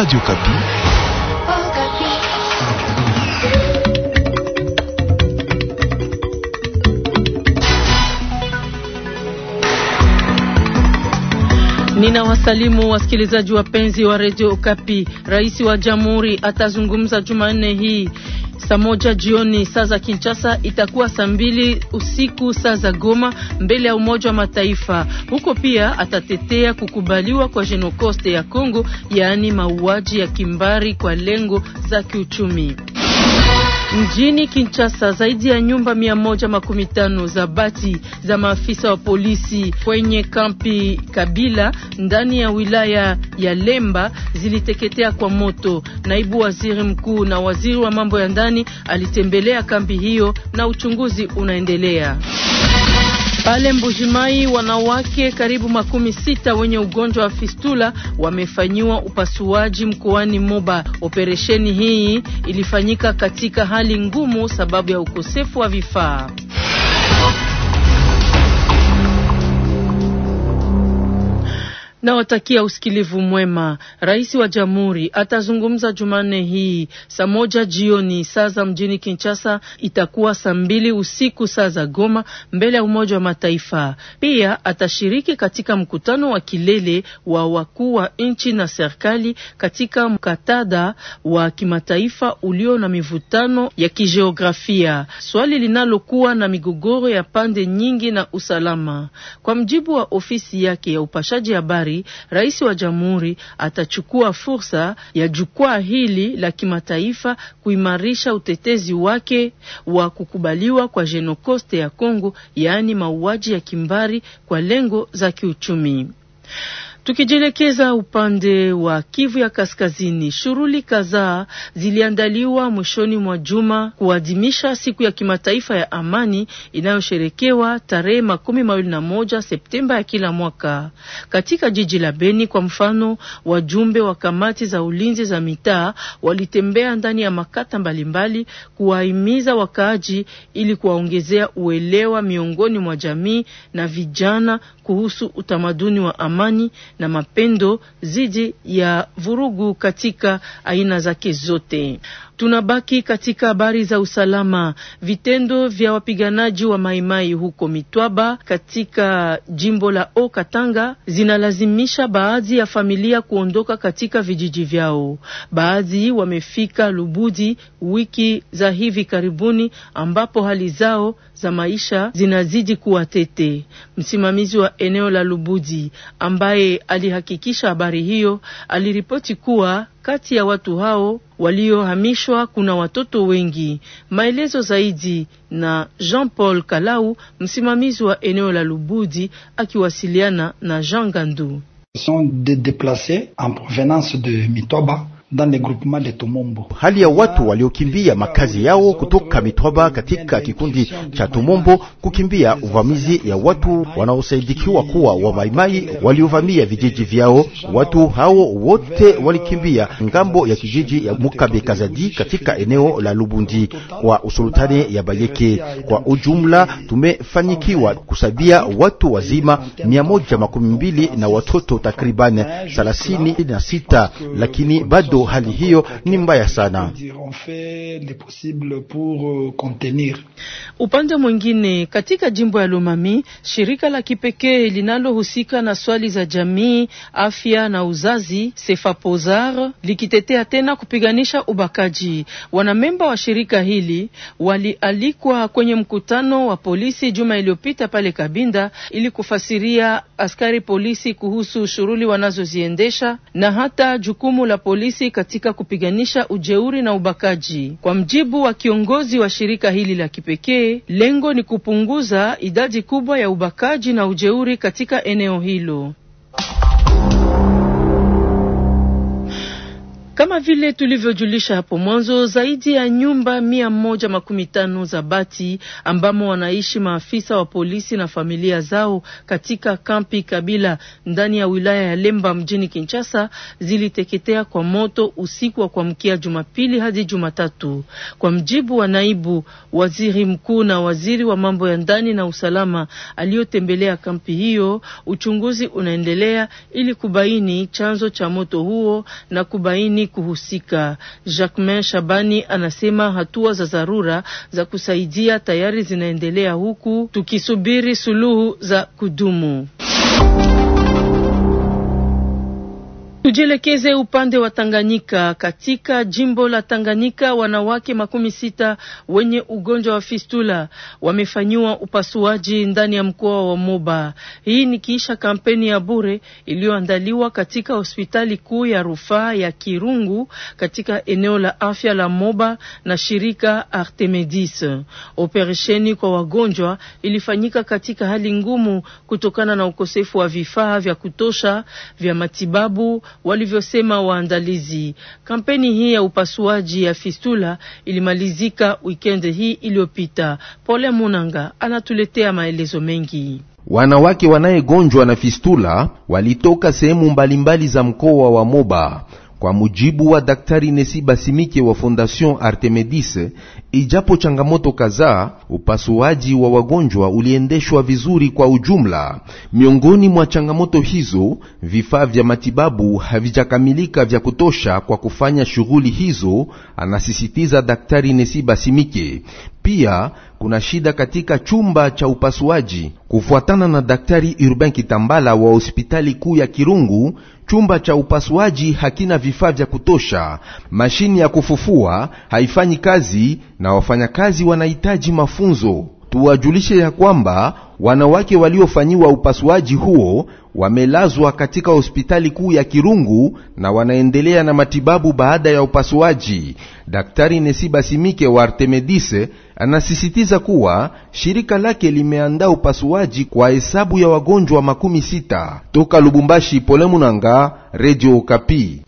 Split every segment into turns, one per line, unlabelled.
Radio
Nina wasalimu wasikilizaji wapenzi wa Radio Okapi. Rais wa Jamhuri atazungumza Jumanne hii saa moja jioni saa za Kinshasa, itakuwa saa mbili usiku saa za Goma, mbele ya Umoja wa Mataifa. Huko pia atatetea kukubaliwa kwa Jenokoste ya Kongo, yaani mauaji ya kimbari kwa lengo za kiuchumi. Mjini Kinshasa zaidi ya nyumba mia moja makumi tano za bati za maafisa wa polisi kwenye kampi Kabila ndani ya wilaya ya Lemba ziliteketea kwa moto. Naibu waziri mkuu na waziri wa mambo ya ndani alitembelea kambi hiyo na uchunguzi unaendelea. Pale Mbujimai wanawake karibu makumi sita wenye ugonjwa wa fistula wamefanyiwa upasuaji mkoani Moba. Operesheni hii ilifanyika katika hali ngumu sababu ya ukosefu wa vifaa. Nawatakia usikilivu mwema. Rais wa Jamhuri atazungumza Jumanne hii saa moja jioni saa za mjini Kinshasa, itakuwa saa mbili usiku saa za Goma, mbele ya Umoja wa Mataifa. Pia atashiriki katika mkutano wa kilele wa wakuu wa nchi na serikali katika mkatada wa kimataifa ulio na mivutano ya kijiografia, swali linalokuwa na migogoro ya pande nyingi na usalama, kwa mjibu wa ofisi yake ya upashaji habari. Januari, rais wa jamhuri atachukua fursa ya jukwaa hili la kimataifa kuimarisha utetezi wake wa kukubaliwa kwa jenokoste ya Kongo, yaani mauaji ya kimbari kwa lengo za kiuchumi. Tukijielekeza upande wa Kivu ya Kaskazini, shughuli kadhaa ziliandaliwa mwishoni mwa juma kuadhimisha siku ya kimataifa ya amani inayosherekewa tarehe makumi mawili na moja Septemba ya kila mwaka. Katika jiji la Beni kwa mfano, wajumbe wa kamati za ulinzi za mitaa walitembea ndani ya makata mbalimbali kuwahimiza wakaaji ili kuwaongezea uelewa miongoni mwa jamii na vijana kuhusu utamaduni wa amani na mapendo zidi ya vurugu katika aina zake zote. Tunabaki katika habari za usalama. Vitendo vya wapiganaji wa Maimai huko Mitwaba katika jimbo la O Katanga zinalazimisha baadhi ya familia kuondoka katika vijiji vyao. Baadhi wamefika Lubudi wiki za hivi karibuni, ambapo hali zao za maisha zinazidi kuwa tete. Msimamizi wa eneo la Lubudi ambaye alihakikisha habari hiyo aliripoti kuwa kati ya watu hao waliohamishwa kuna watoto wengi. Maelezo zaidi na Jean-Paul Kalau, msimamizi wa eneo la Lubudi, akiwasiliana na Jean Gandu.
sont des déplacés
en provenance de Mitoba hali ya watu waliokimbia makazi yao kutoka Mitwaba katika kikundi cha tomombo kukimbia uvamizi ya watu wanaosaidikiwa kuwa wa Maimai waliovamia vijiji vyao. Watu hao wote walikimbia ngambo ya kijiji ya Mukabe Kazadi katika eneo la Lubundi kwa usultani ya Bayeke. Kwa ujumla, tumefanyikiwa kusabia watu wazima mia moja makumi mbili na watoto takriban thelathini na sita, lakini bado hali hiyo ni mbaya sana.
Upande mwingine, katika jimbo ya Lomami, shirika la kipekee linalohusika na swali za jamii, afya na uzazi, Sefapozar, likitetea tena kupiganisha ubakaji. Wanamemba wa shirika hili walialikwa kwenye mkutano wa polisi juma iliyopita pale Kabinda ili kufasiria askari polisi kuhusu shughuli wanazoziendesha na hata jukumu la polisi katika kupiganisha ujeuri na ubakaji. Kwa mjibu wa kiongozi wa shirika hili la kipekee, lengo ni kupunguza idadi kubwa ya ubakaji na ujeuri katika eneo hilo. Kama vile tulivyojulisha hapo mwanzo, zaidi ya nyumba mia moja makumi tano za bati ambamo wanaishi maafisa wa polisi na familia zao katika kampi Kabila ndani ya wilaya ya Lemba mjini Kinshasa ziliteketea kwa moto usiku wa kuamkia Jumapili hadi Jumatatu, kwa mjibu wa naibu waziri mkuu na waziri wa mambo ya ndani na usalama aliyotembelea kampi hiyo. Uchunguzi unaendelea ili kubaini chanzo cha moto huo na kubaini kusini kuhusika. Jacquemain Shabani anasema hatua za dharura za kusaidia tayari zinaendelea huku tukisubiri suluhu za kudumu. Tujielekeze upande wa Tanganyika. Katika jimbo la Tanganyika, wanawake makumi sita wenye ugonjwa wa fistula wamefanyiwa upasuaji ndani ya mkoa wa Moba. Hii ni kiisha kampeni ya bure iliyoandaliwa katika hospitali kuu ya rufaa ya Kirungu katika eneo la afya la Moba na shirika Artemedis. Operesheni kwa wagonjwa ilifanyika katika hali ngumu kutokana na ukosefu wa vifaa vya kutosha vya matibabu walivyosema waandalizi. Kampeni hii ya upasuaji ya fistula ilimalizika wikendi hii iliyopita. Pole Munanga anatuletea maelezo mengi.
Wanawake wanayegonjwa na fistula walitoka sehemu mbalimbali za mkoa wa Moba kwa mujibu wa Daktari Nesi Basimike wa Fondation artemedis ijapo changamoto kadhaa, upasuaji wa wagonjwa uliendeshwa vizuri kwa ujumla. Miongoni mwa changamoto hizo, vifaa vya matibabu havijakamilika vya kutosha kwa kufanya shughuli hizo, anasisitiza Daktari Nesi Basimike. Pia kuna shida katika chumba cha upasuaji. Kufuatana na Daktari Urbain Kitambala wa hospitali kuu ya Kirungu, chumba cha upasuaji hakina vifaa vya kutosha, mashini ya kufufua haifanyi kazi na wafanyakazi wanahitaji mafunzo. Tuwajulishe ya kwamba wanawake waliofanyiwa upasuaji huo wamelazwa katika hospitali kuu ya Kirungu na wanaendelea na matibabu baada ya upasuaji. Daktari Nesiba Simike wa Artemedise Anasisitiza kuwa shirika lake limeandaa upasuaji kwa hesabu ya wagonjwa makumi sita toka Lubumbashi. Pole Munanga, Radio Kapi.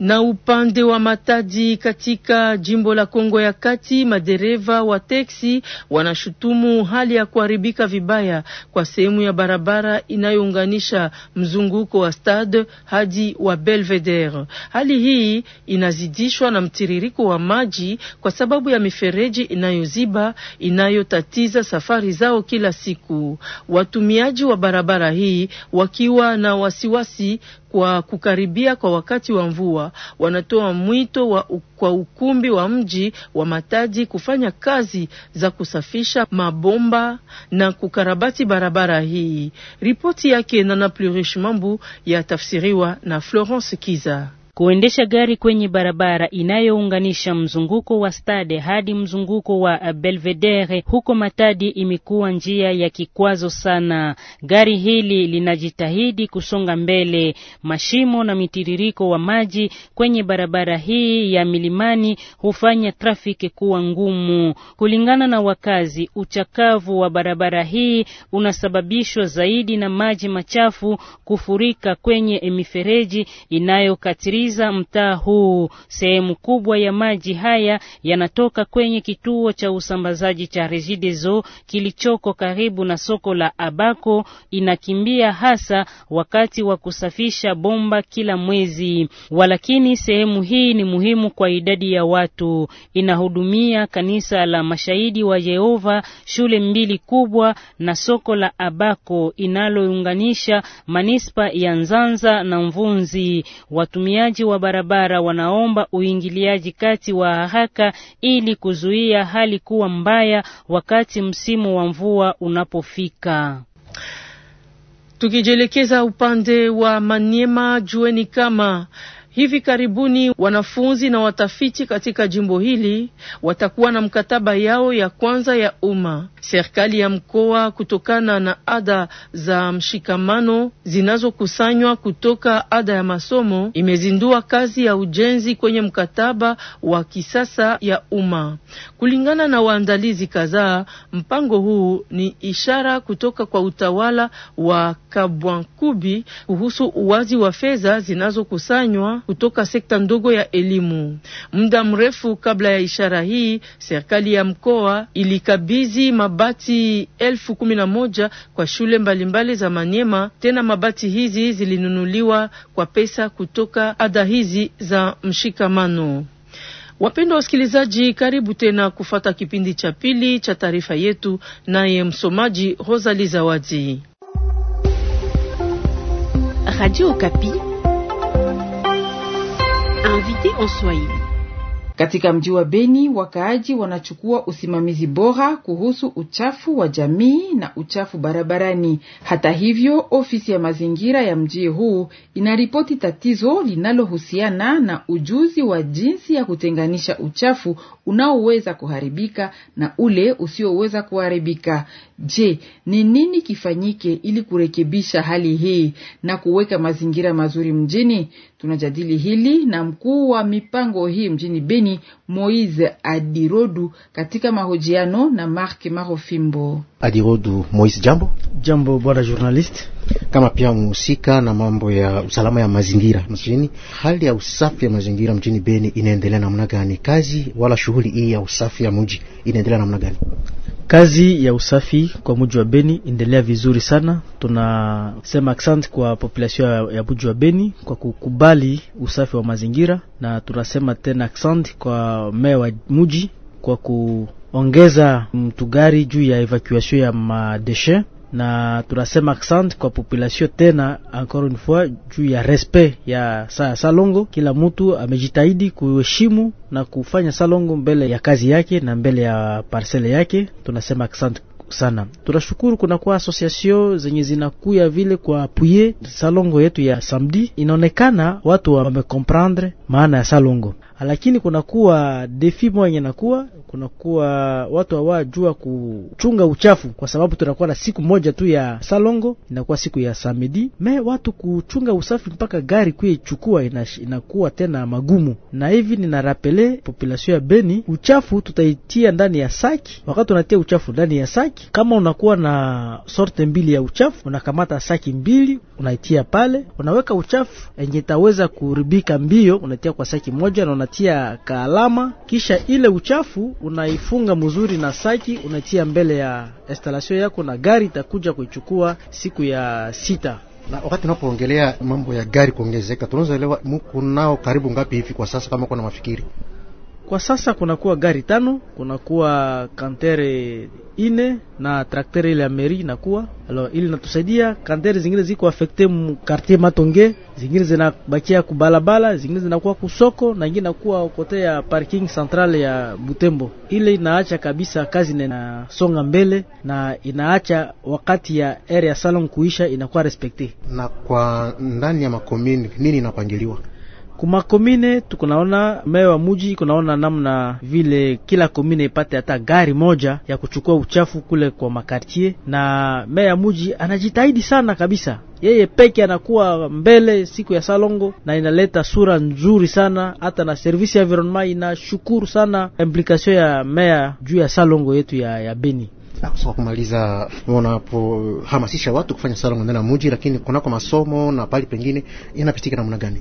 Na upande wa Matadi katika jimbo la Kongo ya Kati, madereva wa teksi wanashutumu hali ya kuharibika vibaya kwa sehemu ya barabara inayounganisha mzunguko wa Stade hadi wa Belvedere. Hali hii inazidishwa na mtiririko wa maji kwa sababu ya mifereji inayoziba inayotatiza safari zao kila siku. Watumiaji wa barabara hii wakiwa na wasiwasi kwa kukaribia kwa wakati wa mvua, wanatoa mwito wa kwa ukumbi wa mji wa Matadi kufanya kazi za kusafisha mabomba na kukarabati barabara hii. Ripoti yake Nana Plurish Mambu yatafsiriwa na Florence Kiza.
Kuendesha gari kwenye barabara inayounganisha mzunguko wa Stade hadi mzunguko wa Belvedere huko Matadi imekuwa njia ya kikwazo sana. Gari hili linajitahidi kusonga mbele. Mashimo na mitiririko wa maji kwenye barabara hii ya milimani hufanya trafiki kuwa ngumu. Kulingana na wakazi, uchakavu wa barabara hii unasababishwa zaidi na maji machafu kufurika kwenye mifereji inayokatiri kumaliza mtaa huu. Sehemu kubwa ya maji haya yanatoka kwenye kituo cha usambazaji cha Regideso kilichoko karibu na soko la Abako, inakimbia hasa wakati wa kusafisha bomba kila mwezi. Walakini sehemu hii ni muhimu kwa idadi ya watu. Inahudumia kanisa la Mashahidi wa Yehova, shule mbili kubwa na soko la Abako inalounganisha manispa ya Nzanza na Mvunzi. Watumiaji Wakazi wa barabara wanaomba uingiliaji kati wa haraka ili kuzuia hali kuwa mbaya wakati msimu wa mvua unapofika.
Tukijielekeza upande wa Maniema, jueni kama Hivi karibuni wanafunzi na watafiti katika jimbo hili watakuwa na mkataba yao ya kwanza ya umma. Serikali ya mkoa kutokana na ada za mshikamano zinazokusanywa kutoka ada ya masomo imezindua kazi ya ujenzi kwenye mkataba wa kisasa ya umma. Kulingana na waandalizi kadhaa, mpango huu ni ishara kutoka kwa utawala wa Kabwankubi kuhusu uwazi wa fedha zinazokusanywa kutoka sekta ndogo ya elimu. Muda mrefu kabla ya ishara hii, serikali ya mkoa ilikabidhi mabati elfu kumi na moja kwa shule mbalimbali za Manyema. Tena mabati hizi zilinunuliwa kwa pesa kutoka ada hizi za mshikamano. Wapendwa wasikilizaji, karibu tena kufata kipindi cha pili cha taarifa yetu, naye msomaji Rosali Zawadi,
Radio Kapi. Invité en Swahili. Katika mji wa Beni wakaaji wanachukua usimamizi bora kuhusu uchafu wa jamii na uchafu barabarani. Hata hivyo, ofisi ya mazingira ya mji huu inaripoti tatizo linalohusiana na ujuzi wa jinsi ya kutenganisha uchafu unaoweza kuharibika na ule usioweza kuharibika. Je, ni nini kifanyike ili kurekebisha hali hii na kuweka mazingira mazuri mjini? Tunajadili hili na mkuu wa mipango hii mjini Beni, Moise Adirodu, katika mahojiano na Mark Marofimbo.
Adirodu Moise, jambo. Jambo bwana journalist, kama pia mhusika na mambo ya usalama ya mazingira mjini. Hali ya usafi ya mazingira mjini Beni inaendelea namna gani? Kazi wala shughuli hii ya usafi ya mji inaendelea namna gani? Kazi ya usafi kwa muji wa Beni endelea vizuri sana. Tunasema asante kwa population ya muji wa Beni kwa kukubali usafi wa mazingira, na tunasema tena asante kwa meya wa muji kwa kuongeza mtugari juu ya evacuation ya madeshe na tunasema accent kwa population tena, encore une fois juu ya respect ya saa Salongo. Kila mtu amejitahidi kuheshimu na kufanya Salongo mbele ya kazi yake na mbele ya parcele yake, tunasema accent sana. Tunashukuru kunakuwa association zenye zinakuya vile kwa apuye salongo yetu ya samedi. Inaonekana watu wamekomprendre maana ya salongo, lakini kunakuwa defi moja yenye nakuwa kunakuwa watu hawajua kuchunga uchafu, kwa sababu tunakuwa na siku moja tu ya salongo, inakuwa siku ya samedi. Me watu kuchunga usafi mpaka gari chukua inakuwa tena magumu, na hivi ninarapele population ya Beni, uchafu tutaitia ndani ya saki. Wakati unatia uchafu ndani ya saki, kama unakuwa na sorte mbili ya uchafu, unakamata saki mbili unaitia pale, unaweka uchafu enye itaweza kuribika mbio una unatia kwa saki moja na unatia kaalama, kisha ile uchafu unaifunga mzuri na saki, unatia mbele ya instalasio yako na gari itakuja kuichukua siku ya sita. Na wakati unapoongelea mambo ya gari kuongezeka, tunazoelewa muko nao karibu ngapi hivi kwa sasa, kama kuna mafikiri kwa sasa kunakuwa gari tano, kunakuwa kantere ine na traktere ile ya meri inakuwa alo, ili natusaidia. Kantere zingine ziko afekte mu quartier Matonge, zingine zinabakia kubalabala, zingine zinakuwa kusoko na ingine nakuwa kote ya parking central ya Butembo. Ile inaacha kabisa kazi na songa mbele na inaacha wakati ya area salon kuisha inakuwa respekte. Na kwa ndani ya makomini nini inapangiliwa? kumakomine tukunaona meya wa muji kunaona namna vile kila komine ipate hata gari moja ya kuchukua uchafu kule kwa makartier, na meya ya muji anajitahidi sana kabisa yeye peke anakuwa mbele siku ya Salongo na inaleta sura nzuri sana. Hata na servisi ya environment inashukuru sana implication ya meya juu ya Salongo yetu ya, ya Beni. Akusoka kumaliza wanapohamasisha watu kufanya Salongo ndani ya muji, lakini kunako masomo na pali pengine inapitika namna gani?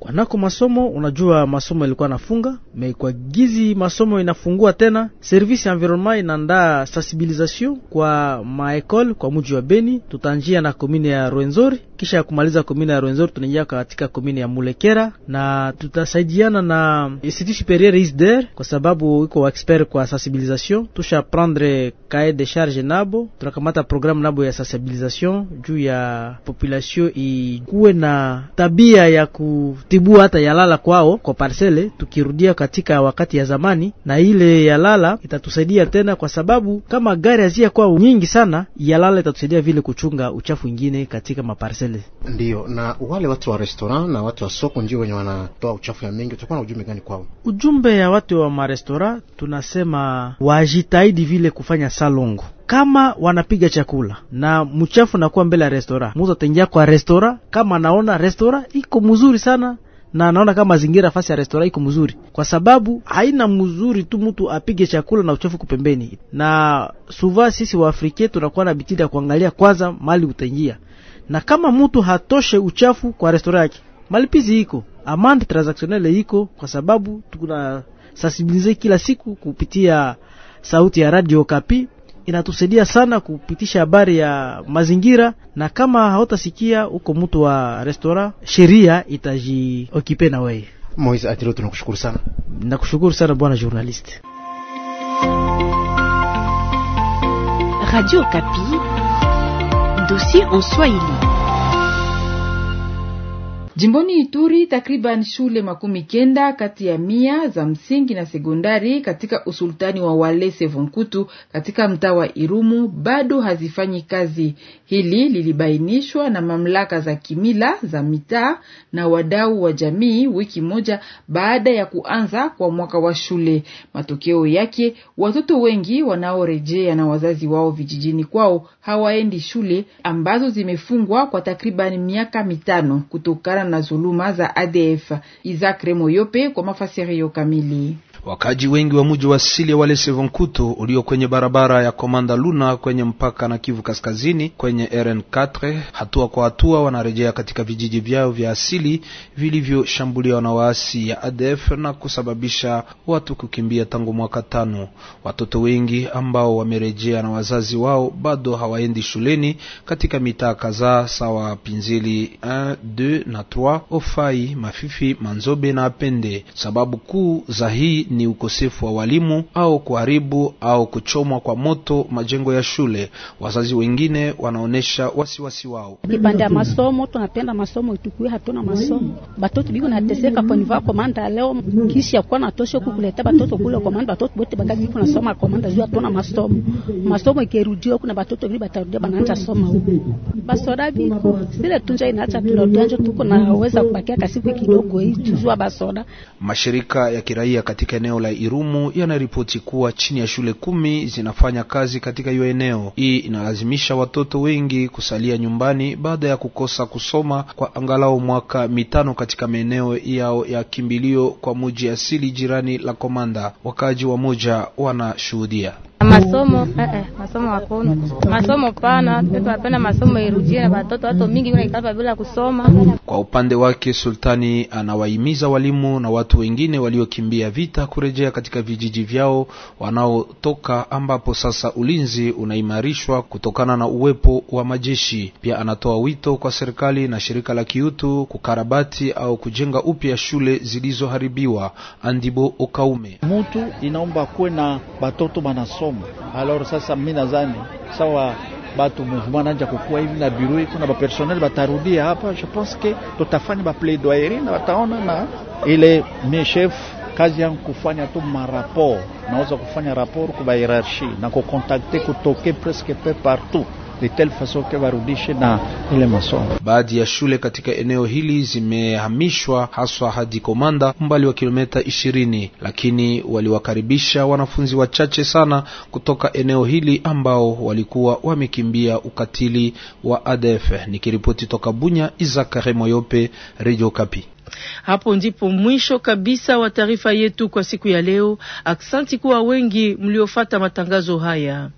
Kwanako masomo, unajua masomo ilikuwa nafunga me kwa gizi masomo inafungua tena. servisi environnement inaandaa sensibilisation kwa maekole kwa muji wa Beni, tutanjia na komine ya Rwenzori kisha ya kumaliza komini ya Rwenzori tunaingia katika komini ya Mulekera na tutasaidiana na Institut Superieur ISDER kwa sababu iko wa expert kwa sensibilisation. Tusha prendre cahier de charge nabo, tunakamata programme nabo ya sensibilisation juu ya population ikuwe na tabia ya kutibua hata yalala kwao kwa parcele, tukirudia katika wakati ya zamani, na ile yalala itatusaidia tena, kwa sababu kama gari hazia kwao nyingi sana, yalala itatusaidia vile kuchunga uchafu ingine katika maparcele zile. Ndio, na wale watu wa restaurant na watu wa soko ndio wenye wanatoa uchafu ya mingi, utakuwa na ujumbe gani kwao? Ujumbe ya watu wa marestaurant tunasema wajitahidi vile kufanya salongo kama wanapiga chakula na mchafu nakuwa mbele ya restaurant, mtu ataingia kwa restaurant kama anaona restaurant iko mzuri sana na naona kama mazingira fasi ya restora iko mzuri, kwa sababu haina mzuri tu mtu apige chakula na uchafu kupembeni. Na suva sisi Afrika tunakuwa na bitida ya kuangalia kwanza mali utaingia, na kama mutu hatoshe uchafu kwa restora yake, malipizi iko, amande transaksionele iko, kwa sababu tuna sensibilize kila siku kupitia sauti ya Radio Kapi inatusaidia sana kupitisha habari ya mazingira, na kama hautasikia huko mtu wa restora, sheria itajiokipe na wewe. Moise Atilo, tunakushukuru sana. Nakushukuru sana bwana journaliste.
Radio Kapi. dossier en Swahili. Jimboni Ituri takriban shule makumi kenda kati ya mia za msingi na sekondari katika usultani wa Walese Vonkutu katika mtaa wa Irumu bado hazifanyi kazi. Hili lilibainishwa na mamlaka za kimila za mitaa na wadau wa jamii wiki moja baada ya kuanza kwa mwaka wa shule. Matokeo yake, watoto wengi wanaorejea na wazazi wao vijijini kwao hawaendi shule ambazo zimefungwa kwa takriban miaka mitano kutokana na zuluma za ADF. Isaac Remoyope kwa mafasirio kamili.
Wakaji wengi wa mji wa sili wa Lesevankutu ulio kwenye barabara ya Komanda Luna kwenye mpaka na Kivu Kaskazini kwenye RN4, hatua kwa hatua wanarejea katika vijiji vyao vya asili vilivyoshambuliwa na waasi ya ADF na kusababisha watu kukimbia tangu mwaka tano. Watoto wengi ambao wamerejea na wazazi wao bado hawaendi shuleni katika mitaa kadhaa sawa Pinzili 1, 2 na 3, Ofai, Mafifi, Manzobe na Apende. Sababu kuu za hii ni ukosefu wa walimu au kuharibu au kuchomwa kwa moto majengo ya shule. Wazazi wengine wanaonyesha wasiwasi wao kipande ya
masomo. Tunapenda masomo itukue, hatuna masomo, batoto biko nateseka kwa niva komanda leo kisi ya kwa natosha kukuleta batoto kule komanda, batoto bote bakati biko nasoma komanda juu hatuna masomo. Masomo ikirudiwa, kuna batoto vile batarudia banaanza soma huko basora biko sile tunja inaacha tunaudanjo tuko naweza kubakia kasiku kidogo hii tuzua basoda
mashirika ya kiraia katika eneo la Irumu yanaripoti kuwa chini ya shule kumi zinafanya kazi katika hiyo eneo. Hii inalazimisha watoto wengi kusalia nyumbani baada ya kukosa kusoma kwa angalau mwaka mitano katika maeneo yao ya kimbilio, kwa muji asili jirani la Komanda. Wakaaji wa moja wanashuhudia
Masomo eh, eh, masomo hakuna masomo pana, tunapenda masomo irudie na watoto watu mingi unaikapa bila kusoma.
Kwa upande wake, Sultani anawahimiza walimu na watu wengine waliokimbia vita kurejea katika vijiji vyao wanaotoka, ambapo sasa ulinzi unaimarishwa kutokana na uwepo wa majeshi. Pia anatoa wito kwa serikali na shirika la kiutu kukarabati au kujenga upya shule zilizoharibiwa. Andibo Okaume, mtu inaomba kuwe
na batoto banasoma masomo. Alors sasa mimi nadhani sawa batu mouvement nanja kukua hivi na biro iko na bapersonel batarudia hapa, je pense que tutafanya ba plaidoyerie na bataona na ile mi chef kazi yangu kufanya tu marapport, naweza kufanya rapport kuba hierarchie na kukontakte kutoke presque pe partout de telle façon que warudishe na
ile masomo. Baadhi ya shule katika eneo hili zimehamishwa haswa hadi Komanda, umbali wa kilomita ishirini, lakini waliwakaribisha wanafunzi wachache sana kutoka eneo hili ambao walikuwa wamekimbia ukatili wa ADF. Nikiripoti toka Bunya, Izakare Moyope, Radio Kapi.
Hapo ndipo mwisho kabisa wa taarifa yetu kwa siku ya leo. Aksanti kuwa wengi mliofata matangazo haya.